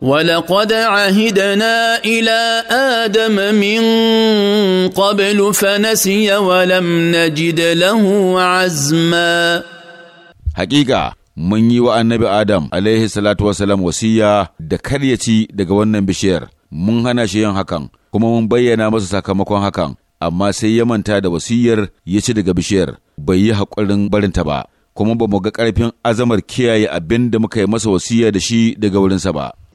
ولقد عهدنا الى ادم من قبل فنسي ولم نجد له عزما حقيقه mun yi wa annabi adam alaihi salatu wasalam wasiya da kar ya ci daga wannan bishiyar mun hana shi yin hakan kuma mun bayyana masa sakamakon hakan amma sai ya manta da wasiyar ya ci daga bishiyar bai yi haƙurin barinta ba kuma ba mu ga ƙarfin azamar kiyaye abin da muka yi masa wasiya da shi daga wurinsa ba